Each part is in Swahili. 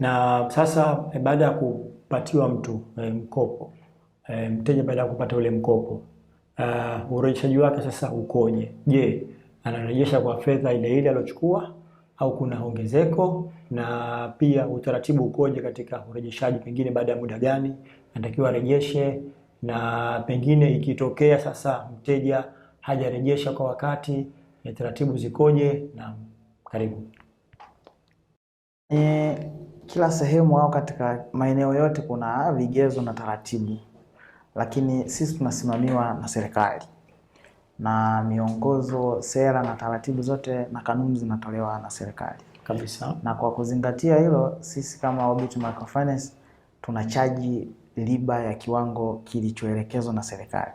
Na sasa e, baada ya kupatiwa mtu e, mkopo e, mteja baada ya kupata ule mkopo uh, urejeshaji wake sasa ukoje? Je, anarejesha kwa fedha ile ile aliochukua au kuna ongezeko? Na pia utaratibu ukoje katika urejeshaji? Pengine baada ya muda gani anatakiwa arejeshe? Na pengine ikitokea sasa mteja hajarejesha kwa wakati, taratibu zikoje? Na karibu e kila sehemu au katika maeneo yote kuna vigezo na taratibu, lakini sisi tunasimamiwa na serikali na miongozo, sera na taratibu zote na kanuni zinatolewa na serikali kabisa. Na kwa kuzingatia hilo, sisi kama Orbit Microfinance tunachaji riba ya kiwango kilichoelekezwa na serikali,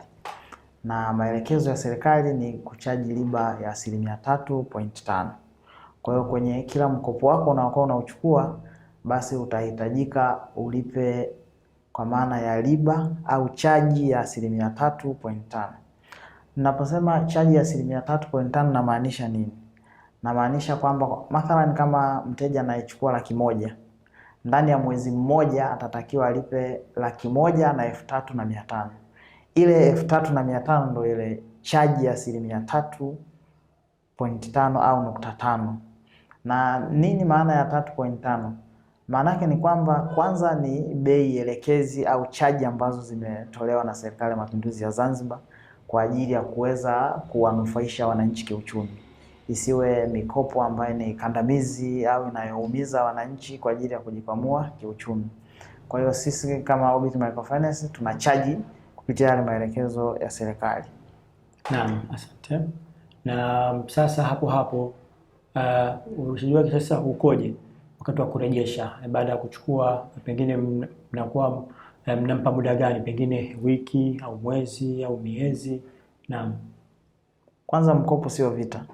na maelekezo ya serikali ni kuchaji riba ya asilimia tatu point tano. Kwa hiyo kwenye kila mkopo wako unaokuwa unauchukua basi utahitajika ulipe kwa maana ya riba au chaji ya asilimia tatu point tano. Naposema chaji ya asilimia tatu point tano namaanisha nini? Namaanisha kwamba mathalan kama mteja anayechukua laki moja ndani ya mwezi mmoja atatakiwa alipe laki moja na elfu tatu na mia tano. Ile elfu tatu na mia tano ndo ile chaji ya asilimia tatu point tano au nukta tano. Na nini maana ya tatu point tano? Maanake ni kwamba kwanza ni bei elekezi au chaji ambazo zimetolewa na Serikali ya Mapinduzi ya Zanzibar kwa ajili ya kuweza kuwanufaisha wananchi kiuchumi, isiwe mikopo ambayo ni kandamizi au inayoumiza wananchi kwa ajili ya kujikwamua kiuchumi. Kwa hiyo sisi kama Orbit Microfinance tuna chaji kupitia yale maelekezo ya serikali. Naam, asante. Na sasa hapo hapo uh, wake sasa ukoje? wakati wa kurejesha eh, baada ya kuchukua, pengine mnakuwa eh, mnampa muda gani, pengine wiki au mwezi au miezi? Naam, kwanza mkopo sio vita,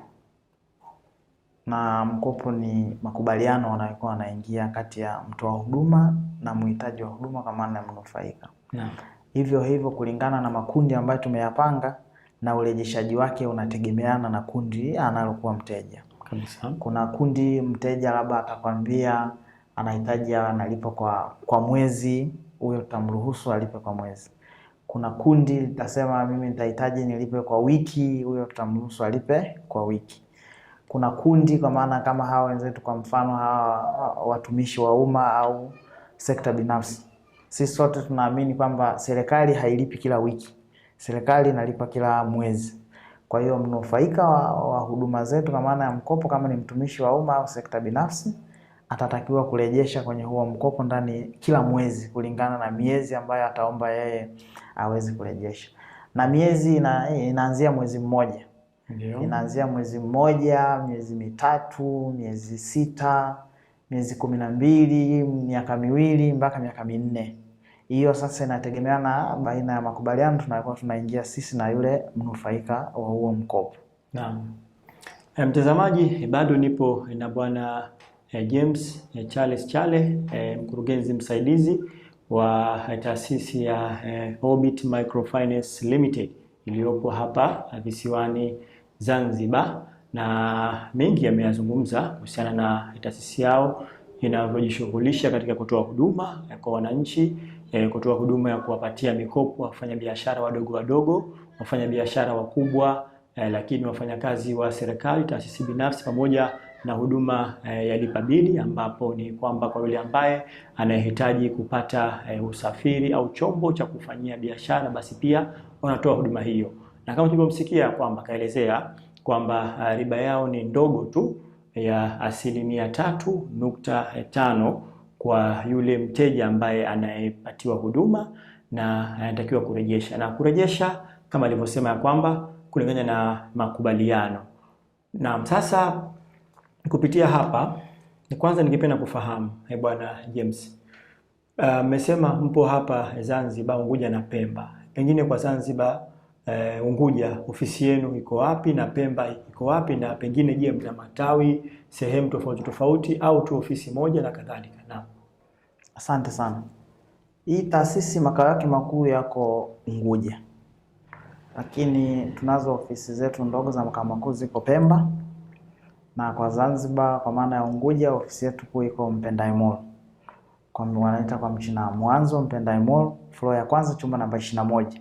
na mkopo ni makubaliano wanayokuwa wanaingia kati ya mtoa huduma na mhitaji wa huduma kwa maana ya mnufaika. Naam. Hivyo hivyo kulingana na makundi ambayo tumeyapanga na urejeshaji wake unategemeana na kundi analokuwa mteja. Kabisa. Kuna kundi mteja labda atakwambia anahitaji awe analipa kwa, kwa mwezi, huyo tutamruhusu alipe kwa mwezi. Kuna kundi litasema mimi nitahitaji nilipe kwa wiki, huyo tutamruhusu alipe kwa wiki. Kuna kundi kwa maana kama hawa wenzetu, kwa mfano hawa watumishi wa umma au sekta binafsi, sisi sote tunaamini kwamba serikali hailipi kila wiki, serikali inalipa kila mwezi. Kwa hiyo mnufaika wa, wa huduma zetu kwa maana ya mkopo, kama ni mtumishi wa umma au sekta binafsi, atatakiwa kurejesha kwenye huo mkopo ndani kila mwezi kulingana na miezi ambayo ataomba yeye aweze kurejesha, na miezi ina, inaanzia mwezi mmoja Ndiyo. inaanzia mwezi mmoja, miezi mitatu, miezi sita, miezi kumi na mbili, miaka miwili mpaka miaka minne. Hiyo sasa inategemea na baina ya makubaliano tunayokuwa tunaingia sisi na yule mnufaika wa huo mkopo. Naam. Eh, mtazamaji, eh, bado nipo eh, na Bwana James Charles Chale, mkurugenzi msaidizi wa taasisi ya Orbit Microfinance Limited iliyopo hapa visiwani Zanzibar, na mengi yameyazungumza kuhusiana na taasisi yao inavyojishughulisha katika kutoa huduma kwa wananchi eh, kutoa huduma ya kuwapatia mikopo wafanyabiashara wadogo wadogo, wafanyabiashara wakubwa eh, lakini wafanyakazi wa serikali, taasisi binafsi pamoja na huduma eh, ya lipa bili ambapo ni kwamba kwa yule ambaye anayehitaji kupata eh, usafiri au chombo cha kufanyia biashara basi pia wanatoa huduma hiyo, na kama tulivyomsikia kwamba kaelezea kwamba e, riba yao ni ndogo tu ya asilimia tatu nukta tano kwa yule mteja ambaye anayepatiwa huduma na anatakiwa kurejesha, na kurejesha kama alivyosema ya kwamba kulingana na makubaliano. Na sasa kupitia hapa kwanza ningependa kufahamu eh, Bwana James, mmesema eh, uh, mpo hapa Zanzibar, Unguja na Pemba, pengine kwa Zanzibar eh, Unguja ofisi yenu iko wapi na Pemba iko wapi, na pengine je, mna matawi sehemu tofauti tofauti au tu ofisi moja na kadhalika? Na asante sana. Hii taasisi makao yake makuu yako Unguja, lakini tunazo ofisi zetu ndogo za makao makuu ziko Pemba na kwa Zanzibar, kwa maana ya Unguja ofisi yetu kuu iko Mpendai Mall, kwa wanaita kwa mchina mwanzo Mpendai Mall, floor ya kwanza, chumba namba ishirini na moja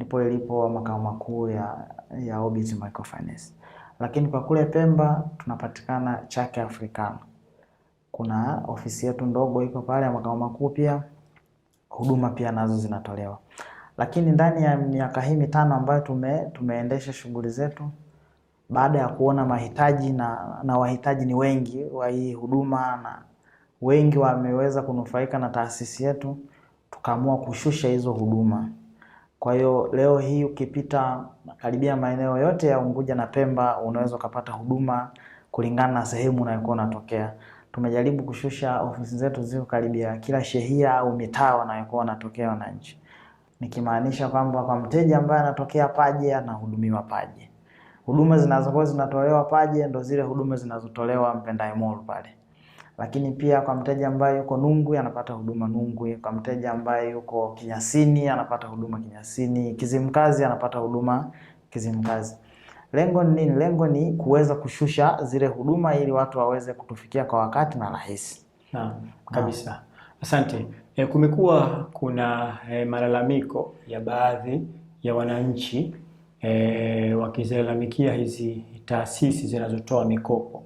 ndipo ilipo makao makuu ya, ya Orbit Microfinance. Lakini kwa kule Pemba tunapatikana Chake Africana, kuna ofisi yetu ndogo iko pale ya makao makuu, pia huduma pia nazo zinatolewa. Lakini ndani ya miaka hii mitano ambayo tume, tumeendesha shughuli zetu baada ya kuona mahitaji na, na wahitaji ni wengi wa hii huduma na wengi wameweza kunufaika na taasisi yetu, tukaamua kushusha hizo huduma. Kwa hiyo leo hii ukipita karibia maeneo yote ya Unguja na Pemba unaweza ukapata huduma kulingana na sehemu unayokuwa unatokea. Tumejaribu kushusha ofisi zetu ziko karibia kila shehia au mitaa wanayokuwa wanatokea wananchi, nikimaanisha kwamba kwa mteja ambaye anatokea Paje anahudumiwa Paje. Huduma zinazokuwa zinatolewa Paje ndo zile huduma zinazotolewa Mpendae Mall pale lakini pia kwa mteja ambaye yuko Nungwi anapata huduma Nungwi, kwa mteja ambaye yuko Kinyasini anapata huduma Kinyasini, Kizimkazi anapata huduma Kizimkazi. Lengo ni nini? Lengo ni kuweza kushusha zile huduma ili watu waweze kutufikia kwa wakati na rahisi. Naam, kabisa. Asante. E, kumekuwa kuna e, malalamiko ya baadhi ya wananchi e, wakizilalamikia hizi taasisi zinazotoa mikopo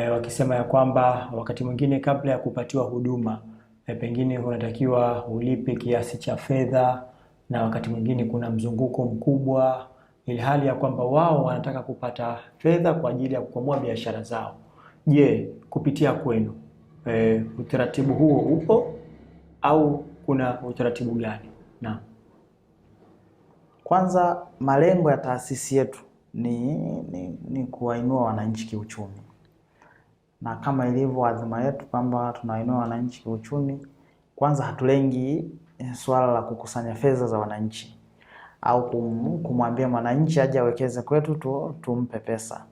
e, wakisema ya kwamba wakati mwingine kabla ya kupatiwa huduma e, pengine unatakiwa ulipe kiasi cha fedha, na wakati mwingine kuna mzunguko mkubwa, ili hali ya kwamba wao wanataka kupata fedha kwa ajili ya kukwamua biashara zao. Je, kupitia kwenu e, utaratibu huo upo au kuna utaratibu gani? Na Kwanza malengo ya taasisi yetu ni, ni, ni kuwainua wananchi kiuchumi na kama ilivyo azima yetu kwamba tunainua wananchi kiuchumi, kwanza hatulengi eh, swala la kukusanya fedha za wananchi au kum, kumwambia mwananchi aje awekeze kwetu tu, tumpe pesa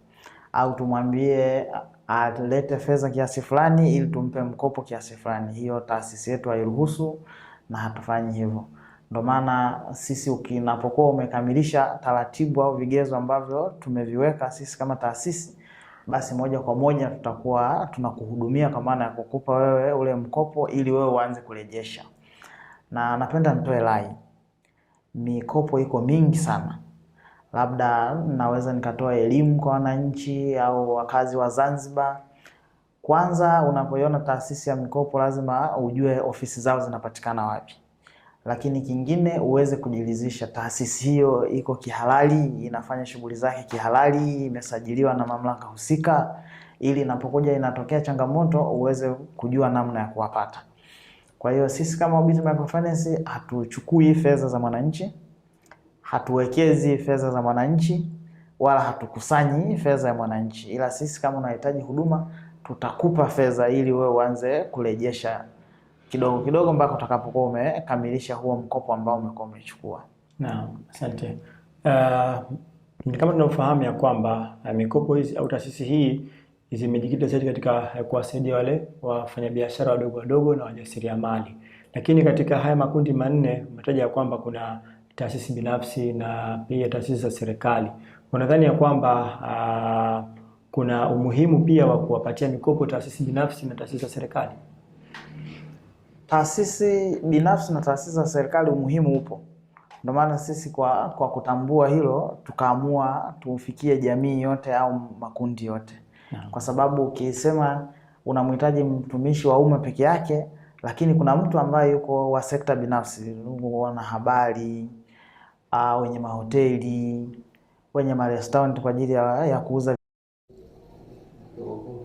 au tumwambie alete fedha kiasi fulani ili tumpe mkopo kiasi fulani. Hiyo taasisi yetu hairuhusu na hatufanyi hivyo. Ndio maana sisi, ukinapokuwa umekamilisha taratibu au vigezo ambavyo tumeviweka sisi kama taasisi basi moja kwa moja tutakuwa tunakuhudumia kwa maana ya kukupa wewe ule mkopo ili wewe uanze kurejesha. Na napenda nitoe rai, mikopo iko mingi sana, labda naweza nikatoa elimu kwa wananchi au wakazi wa Zanzibar. Kwanza unapoiona taasisi ya mikopo lazima ujue ofisi zao zinapatikana wapi lakini kingine uweze kujiridhisha taasisi hiyo iko kihalali, inafanya shughuli zake kihalali, imesajiliwa na mamlaka husika, ili inapokuja inatokea changamoto uweze kujua namna ya kuwapata. Kwa hiyo sisi kama Orbit Microfinance hatuchukui fedha za mwananchi, hatuwekezi fedha za mwananchi, wala hatukusanyi fedha ya mwananchi, ila sisi kama unahitaji huduma tutakupa fedha ili wewe uanze kurejesha kidogo kidogo mpaka utakapokuwa umekamilisha huo mkopo ambao umekuwa umechukua. Naam, asante. Uh, kama tunavyofahamu ya kwamba ah, mikopo hizi au taasisi hii zimejikita zaidi katika eh, kuwasaidia wale wafanyabiashara wadogo wadogo na wajasiriamali, lakini katika haya makundi manne umetaja ya kwamba kuna taasisi binafsi na pia taasisi za serikali. Unadhani ya kwamba uh, kuna umuhimu pia wa kuwapatia mikopo taasisi binafsi na taasisi za serikali? taasisi binafsi na taasisi za serikali umuhimu upo. Ndio maana sisi kwa, kwa kutambua hilo tukaamua tumfikie jamii yote au makundi yote Kwa sababu ukisema unamhitaji mtumishi wa umma peke yake, lakini kuna mtu ambaye yuko wa sekta binafsi, wanahabari, ah, wenye mahoteli, wenye marestaurant kwa ajili ya, ya kuuza